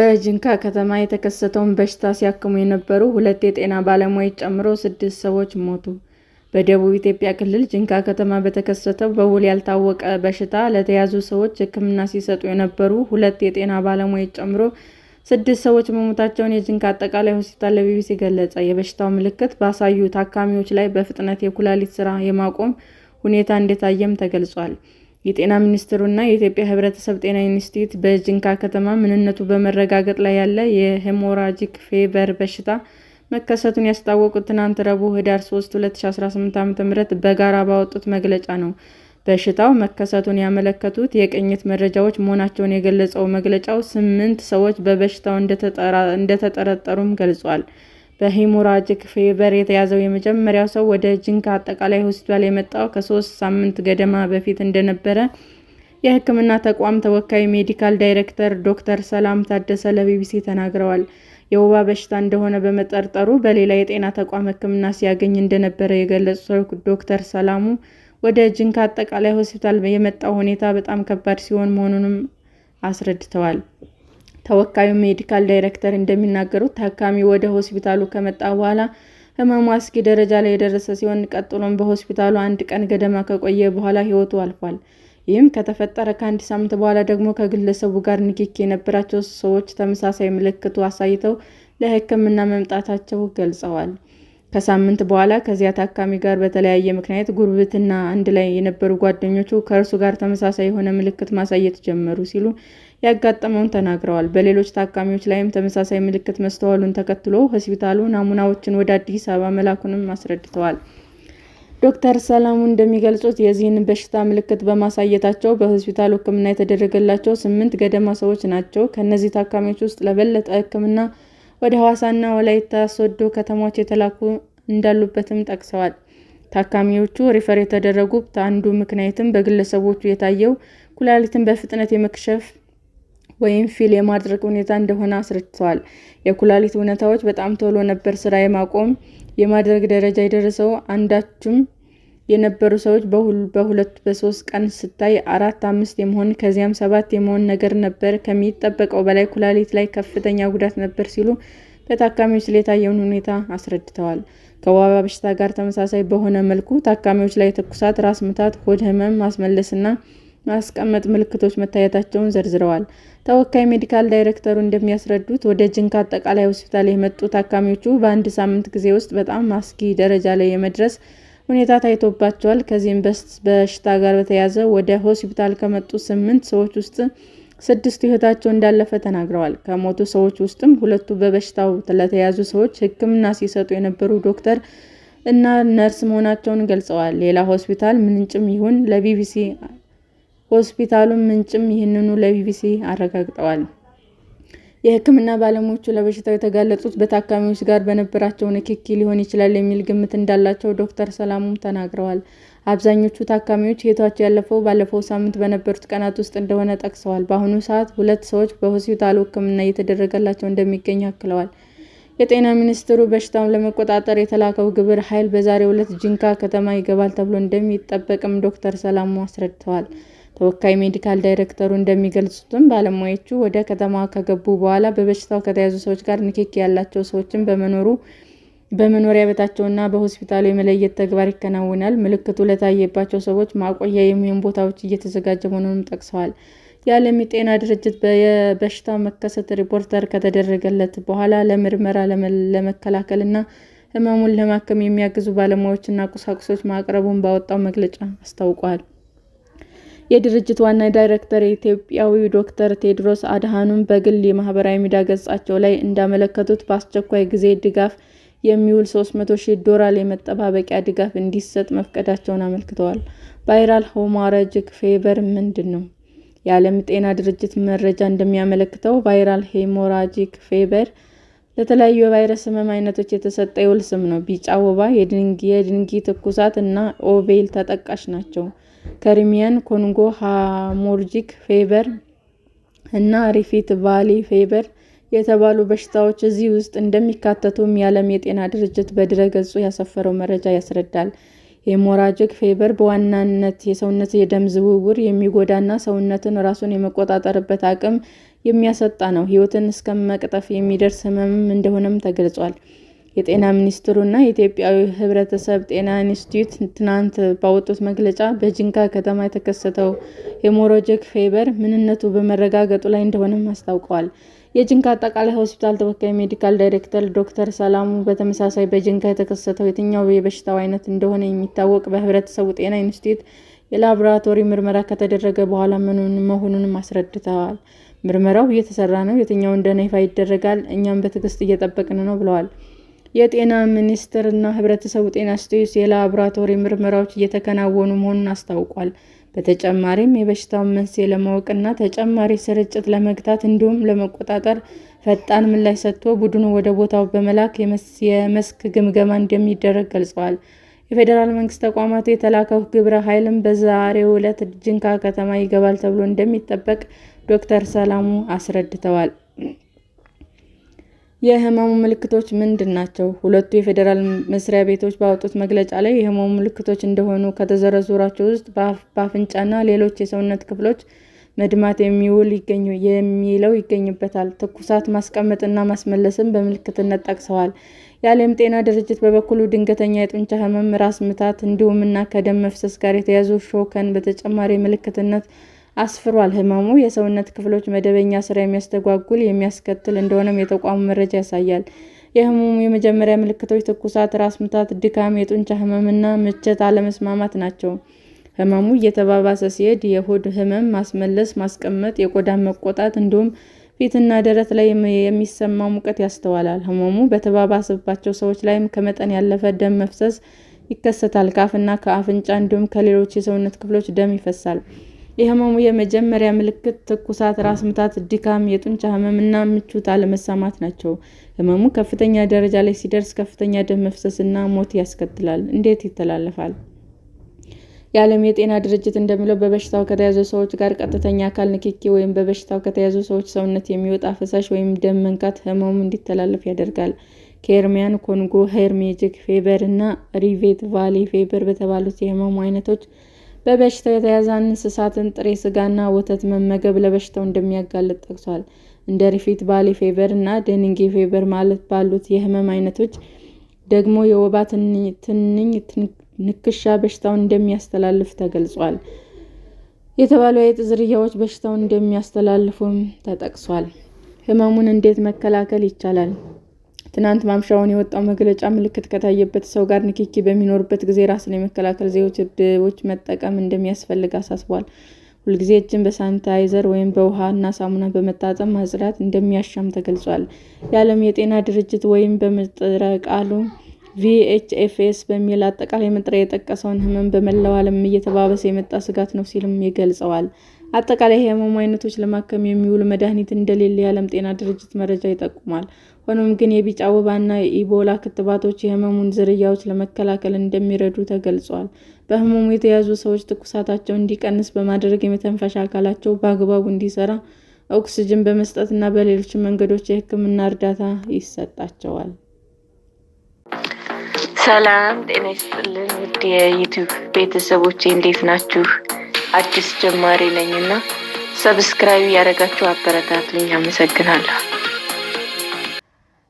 በጅንካ ከተማ የተከሰተውን በሽታ ሲያክሙ የነበሩ ሁለት የጤና ባለሙያዎች ጨምሮ ስድስት ሰዎች ሞቱ። በደቡብ ኢትዮጵያ ክልል ጅንካ ከተማ በተከሰተው በውል ያልታወቀ በሽታ ለተያዙ ሰዎች ሕክምና ሲሰጡ የነበሩ ሁለት የጤና ባለሙያዎች ጨምሮ ስድስት ሰዎች መሞታቸውን የጅንካ አጠቃላይ ሆስፒታል ለቢቢሲ ገለጸ። የበሽታው ምልክት ባሳዩ ታካሚዎች ላይ በፍጥነት የኩላሊት ስራ የማቆም ሁኔታ እንደታየም ተገልጿል። የጤና ሚኒስቴሩና የኢትዮጵያ ህብረተሰብ ጤና ኢንስቲትዩት በጂንካ ከተማ ምንነቱ በመረጋገጥ ላይ ያለ የሄሞራጂክ ፌቨር በሽታ መከሰቱን ያስታወቁት ትናንት ረቡዕ ህዳር 3 2018 ዓ.ም በጋራ ባወጡት መግለጫ ነው። በሽታው መከሰቱን ያመለከቱት የቅኝት መረጃዎች መሆናቸውን የገለጸው መግለጫው ስምንት ሰዎች በበሽታው እንደተጠረጠሩም ገልጿል። በሂሞራጂክ ፌቨር የተያዘው የመጀመሪያው ሰው ወደ ጂንካ አጠቃላይ ሆስፒታል የመጣው ከሶስት ሳምንት ገደማ በፊት እንደነበረ የሕክምና ተቋም ተወካይ ሜዲካል ዳይሬክተር ዶክተር ሰላም ታደሰ ለቢቢሲ ተናግረዋል። የወባ በሽታ እንደሆነ በመጠርጠሩ በሌላ የጤና ተቋም ሕክምና ሲያገኝ እንደነበረ የገለጹት ዶክተር ሰላሙ ወደ ጂንካ አጠቃላይ ሆስፒታል የመጣው ሁኔታ በጣም ከባድ ሲሆን መሆኑንም አስረድተዋል። ተወካዩ ሜዲካል ዳይሬክተር እንደሚናገሩት ታካሚ ወደ ሆስፒታሉ ከመጣ በኋላ ህመሙ አስጊ ደረጃ ላይ የደረሰ ሲሆን ቀጥሎም በሆስፒታሉ አንድ ቀን ገደማ ከቆየ በኋላ ህይወቱ አልፏል። ይህም ከተፈጠረ ከአንድ ሳምንት በኋላ ደግሞ ከግለሰቡ ጋር ንክኪ የነበራቸው ሰዎች ተመሳሳይ ምልክቱ አሳይተው ለሕክምና መምጣታቸው ገልጸዋል። ከሳምንት በኋላ ከዚያ ታካሚ ጋር በተለያየ ምክንያት ጉርብትና አንድ ላይ የነበሩ ጓደኞቹ ከእርሱ ጋር ተመሳሳይ የሆነ ምልክት ማሳየት ጀመሩ ሲሉ ያጋጠመውን ተናግረዋል። በሌሎች ታካሚዎች ላይም ተመሳሳይ ምልክት መስተዋሉን ተከትሎ ሆስፒታሉ ናሙናዎችን ወደ አዲስ አበባ መላኩንም አስረድተዋል። ዶክተር ሰላሙ እንደሚገልጹት የዚህን በሽታ ምልክት በማሳየታቸው በሆስፒታሉ ሕክምና የተደረገላቸው ስምንት ገደማ ሰዎች ናቸው። ከእነዚህ ታካሚዎች ውስጥ ለበለጠ ሕክምና ወደ ሐዋሳና ወላይታ ሶዶ ከተሞች የተላኩ እንዳሉበትም ጠቅሰዋል። ታካሚዎቹ ሪፈር የተደረጉት አንዱ ምክንያትም በግለሰቦቹ የታየው ኩላሊትን በፍጥነት የመክሸፍ ወይም ፊል የማድረግ ሁኔታ እንደሆነ አስረድተዋል። የኩላሊት እውነታዎች በጣም ቶሎ ነበር ስራ የማቆም የማድረግ ደረጃ የደረሰው። አንዳችም የነበሩ ሰዎች በሁለት በሶስት ቀን ስታይ አራት አምስት የመሆን ከዚያም ሰባት የመሆን ነገር ነበር። ከሚጠበቀው በላይ ኩላሊት ላይ ከፍተኛ ጉዳት ነበር ሲሉ በታካሚዎች ላይ የታየውን ሁኔታ አስረድተዋል። ከወባ በሽታ ጋር ተመሳሳይ በሆነ መልኩ ታካሚዎች ላይ ትኩሳት፣ ራስ ምታት፣ ሆድ ህመም፣ ማስመለስና ማስቀመጥ ምልክቶች መታየታቸውን ዘርዝረዋል። ተወካይ ሜዲካል ዳይሬክተሩ እንደሚያስረዱት ወደ ጅንካ አጠቃላይ ሆስፒታል የመጡ ታካሚዎቹ በአንድ ሳምንት ጊዜ ውስጥ በጣም አስጊ ደረጃ ላይ የመድረስ ሁኔታ ታይቶባቸዋል። ከዚህም በሽታ ጋር በተያያዘ ወደ ሆስፒታል ከመጡ ስምንት ሰዎች ውስጥ ስድስቱ ህይወታቸው እንዳለፈ ተናግረዋል። ከሞቱ ሰዎች ውስጥም ሁለቱ በበሽታው ለተያዙ ሰዎች ሕክምና ሲሰጡ የነበሩ ዶክተር እና ነርስ መሆናቸውን ገልጸዋል። ሌላ ሆስፒታል ምንጭም ይሁን ለቢቢሲ ሆስፒታሉ ምንጭም ይህንኑ ለቢቢሲ አረጋግጠዋል። የሕክምና ባለሙያዎቹ ለበሽታው የተጋለጡት በታካሚዎች ጋር በነበራቸው ንክኪ ሊሆን ይችላል የሚል ግምት እንዳላቸው ዶክተር ሰላሙ ተናግረዋል። አብዛኞቹ ታካሚዎች ሕይወታቸው ያለፈው ባለፈው ሳምንት በነበሩት ቀናት ውስጥ እንደሆነ ጠቅሰዋል። በአሁኑ ሰዓት ሁለት ሰዎች በሆስፒታሉ ሕክምና እየተደረገላቸው እንደሚገኝ አክለዋል። የጤና ሚኒስቴሩ በሽታውን ለመቆጣጠር የተላከው ግብረ ኃይል በዛሬው ዕለት ጂንካ ከተማ ይገባል ተብሎ እንደሚጠበቅም ዶክተር ሰላሙ አስረድተዋል። ተወካይ ሜዲካል ዳይሬክተሩ እንደሚገልጹትም ባለሙያዎቹ ወደ ከተማ ከገቡ በኋላ በበሽታው ከተያዙ ሰዎች ጋር ንክኪ ያላቸው ሰዎችን በመኖሩ በመኖሪያ ቤታቸውና በሆስፒታሉ የመለየት ተግባር ይከናወናል። ምልክቱ ለታየባቸው ሰዎች ማቆያ የሚሆን ቦታዎች እየተዘጋጀ መሆኑንም ጠቅሰዋል። የዓለም የጤና ድርጅት የበሽታው መከሰት ሪፖርተር ከተደረገለት በኋላ ለምርመራ ለመከላከልና ህመሙን ለማከም የሚያግዙ ባለሙያዎችና ቁሳቁሶች ማቅረቡን ባወጣው መግለጫ አስታውቋል። የድርጅት ዋና ዳይሬክተር ኢትዮጵያዊው ዶክተር ቴድሮስ አድሃኖም በግል የማህበራዊ ሚዲያ ገጻቸው ላይ እንዳመለከቱት በአስቸኳይ ጊዜ ድጋፍ የሚውል 300 ሺህ ዶላር የመጠባበቂያ ድጋፍ እንዲሰጥ መፍቀዳቸውን አመልክተዋል። ቫይራል ሄሞራጂክ ፌቨር ምንድን ነው? የዓለም ጤና ድርጅት መረጃ እንደሚያመለክተው ቫይራል ሄሞራጂክ ፌቨር ለተለያዩ የቫይረስ ህመም አይነቶች የተሰጠ የውል ስም ነው። ቢጫ ወባ፣ የድንጊ ትኩሳት እና ኦቬል ተጠቃሽ ናቸው። ከሪሚያን ኮንጎ ሃሞርጂክ ፌበር እና ሪፍት ቫሊ ፌበር የተባሉ በሽታዎች እዚህ ውስጥ እንደሚካተቱም የዓለም የጤና ድርጅት በድረ-ገጹ ያሰፈረው መረጃ ያስረዳል። ሄሞራጂክ ፌበር በዋናነት የሰውነት የደም ዝውውር የሚጎዳና ሰውነትን ራሱን የመቆጣጠርበት አቅም የሚያሰጣ ነው። ሕይወትን እስከ መቅጠፍ የሚደርስ ህመምም እንደሆነም ተገልጿል። የጤና ሚኒስትሩና የኢትዮጵያዊ ህብረተሰብ ጤና ኢንስቲትዩት ትናንት ባወጡት መግለጫ በጂንካ ከተማ የተከሰተው ሄሞራጂክ ፌበር ምንነቱ በመረጋገጡ ላይ እንደሆነም አስታውቀዋል። የጂንካ አጠቃላይ ሆስፒታል ተወካይ ሜዲካል ዳይሬክተር ዶክተር ሰላሙ በተመሳሳይ በጂንካ የተከሰተው የትኛው የበሽታው አይነት እንደሆነ የሚታወቅ በህብረተሰቡ ጤና ኢንስቲትዩት የላቦራቶሪ ምርመራ ከተደረገ በኋላ መሆኑንም አስረድተዋል። ምርመራው እየተሰራ ነው፣ የትኛው እንደሆነ ይፋ ይደረጋል፣ እኛም በትዕግስት እየጠበቅን ነው ብለዋል። የጤና እና ህብረተሰቡ ጤና ኢንስቲትዩት የላቦራቶሪ ምርመራዎች እየተከናወኑ መሆኑን አስታውቋል። በተጨማሪም የበሽታውን መንስኤ ለማወቅና ተጨማሪ ስርጭት ለመግታት እንዲሁም ለመቆጣጠር ፈጣን ምላሽ ሰጥቶ ቡድኑ ወደ ቦታው በመላክ የመስክ ግምገማ እንደሚደረግ ገልጸዋል። የፌዴራል መንግስት ተቋማት የተላከው ግብረ ኃይልም በዛሬው ዕለት ጅንካ ከተማ ይገባል ተብሎ እንደሚጠበቅ ዶክተር ሰላሙ አስረድተዋል። የህመሙ ምልክቶች ምንድን ናቸው? ሁለቱ የፌዴራል መስሪያ ቤቶች ባወጡት መግለጫ ላይ የህመሙ ምልክቶች እንደሆኑ ከተዘረዘሯቸው ውስጥ በአፍንጫና ሌሎች የሰውነት ክፍሎች መድማት የሚለው ይገኝበታል። ትኩሳት፣ ማስቀመጥና ማስመለስም በምልክትነት ጠቅሰዋል። የዓለም ጤና ድርጅት በበኩሉ ድንገተኛ የጡንቻ ህመም፣ ራስ ምታት እንዲሁም እና ከደም መፍሰስ ጋር የተያዙ ሾከን በተጨማሪ ምልክትነት አስፍሯል። ህመሙ የሰውነት ክፍሎች መደበኛ ስራ የሚያስተጓጉል የሚያስከትል እንደሆነም የተቋሙ መረጃ ያሳያል። የህመሙ የመጀመሪያ ምልክቶች ትኩሳት፣ ራስ ምታት፣ ድካም፣ የጡንቻ ህመምና ምቸት አለመስማማት ናቸው። ህመሙ እየተባባሰ ሲሄድ የሆድ ህመም፣ ማስመለስ፣ ማስቀመጥ፣ የቆዳ መቆጣት እንዲሁም ፊትና ደረት ላይ የሚሰማ ሙቀት ያስተዋላል። ህመሙ በተባባሰባቸው ሰዎች ላይም ከመጠን ያለፈ ደም መፍሰስ ይከሰታል። ከአፍና ከአፍንጫ እንዲሁም ከሌሎች የሰውነት ክፍሎች ደም ይፈሳል። የህመሙ የመጀመሪያ ምልክት ትኩሳት፣ ራስ ምታት፣ ድካም፣ የጡንቻ ህመም እና ምቾት አለመሰማት ናቸው። ህመሙ ከፍተኛ ደረጃ ላይ ሲደርስ ከፍተኛ ደም መፍሰስ እና ሞት ያስከትላል። እንዴት ይተላለፋል? የዓለም የጤና ድርጅት እንደሚለው በበሽታው ከተያዙ ሰዎች ጋር ቀጥተኛ አካል ንክኪ ወይም በበሽታው ከተያዙ ሰዎች ሰውነት የሚወጣ ፈሳሽ ወይም ደም መንካት ህመሙ እንዲተላለፍ ያደርጋል። ከኤርሚያን ኮንጎ፣ ሄርሜጂክ ፌበር እና ሪቬት ቫሌ ፌበር በተባሉት የህመሙ አይነቶች በበሽታው የተያዘ እንስሳትን ጥሬ ስጋና ወተት መመገብ ለበሽታው እንደሚያጋልጥ ጠቅሷል። እንደ ሪፊት ባሌ ፌቨር እና ደንጌ ፌቨር ማለት ባሉት የህመም አይነቶች ደግሞ የወባ ትንኝ ንክሻ በሽታውን እንደሚያስተላልፍ ተገልጿል። የተባሉ የአይጥ ዝርያዎች በሽታውን እንደሚያስተላልፉም ተጠቅሷል። ህመሙን እንዴት መከላከል ይቻላል? ትናንት ማምሻውን የወጣው መግለጫ ምልክት ከታየበት ሰው ጋር ንክኪ በሚኖርበት ጊዜ ራስን የመከላከል እድቦች መጠቀም እንደሚያስፈልግ አሳስቧል። ሁልጊዜ እጅን በሳኒታይዘር ወይም በውሃ እና ሳሙና በመታጠብ ማጽዳት እንደሚያሻም ተገልጿል። የዓለም የጤና ድርጅት ወይም በምህጻረ ቃሉ ቪኤችኤፍኤስ በሚል አጠቃላይ መጠሪያ የጠቀሰውን ህመም በመላው ዓለም እየተባበሰ የመጣ ስጋት ነው ሲልም ይገልጸዋል። አጠቃላይ የህመሙ አይነቶች ለማከም የሚውል መድኃኒት እንደሌለ የዓለም ጤና ድርጅት መረጃ ይጠቁማል። ሆኖም ግን የቢጫ ወባና የኢቦላ ክትባቶች የህመሙን ዝርያዎች ለመከላከል እንደሚረዱ ተገልጿል። በህመሙ የተያዙ ሰዎች ትኩሳታቸው እንዲቀንስ በማድረግ የመተንፈሻ አካላቸው በአግባቡ እንዲሰራ ኦክስጅን በመስጠትና በሌሎች መንገዶች የህክምና እርዳታ ይሰጣቸዋል። ሰላም ጤና ይስጥልን ውድ የዩቱብ ቤተሰቦቼ እንዴት ናችሁ? አዲስ ጀማሪ ነኝና ሰብስክራይብ ያደረጋችሁ አበረታትልኝ። አመሰግናለሁ።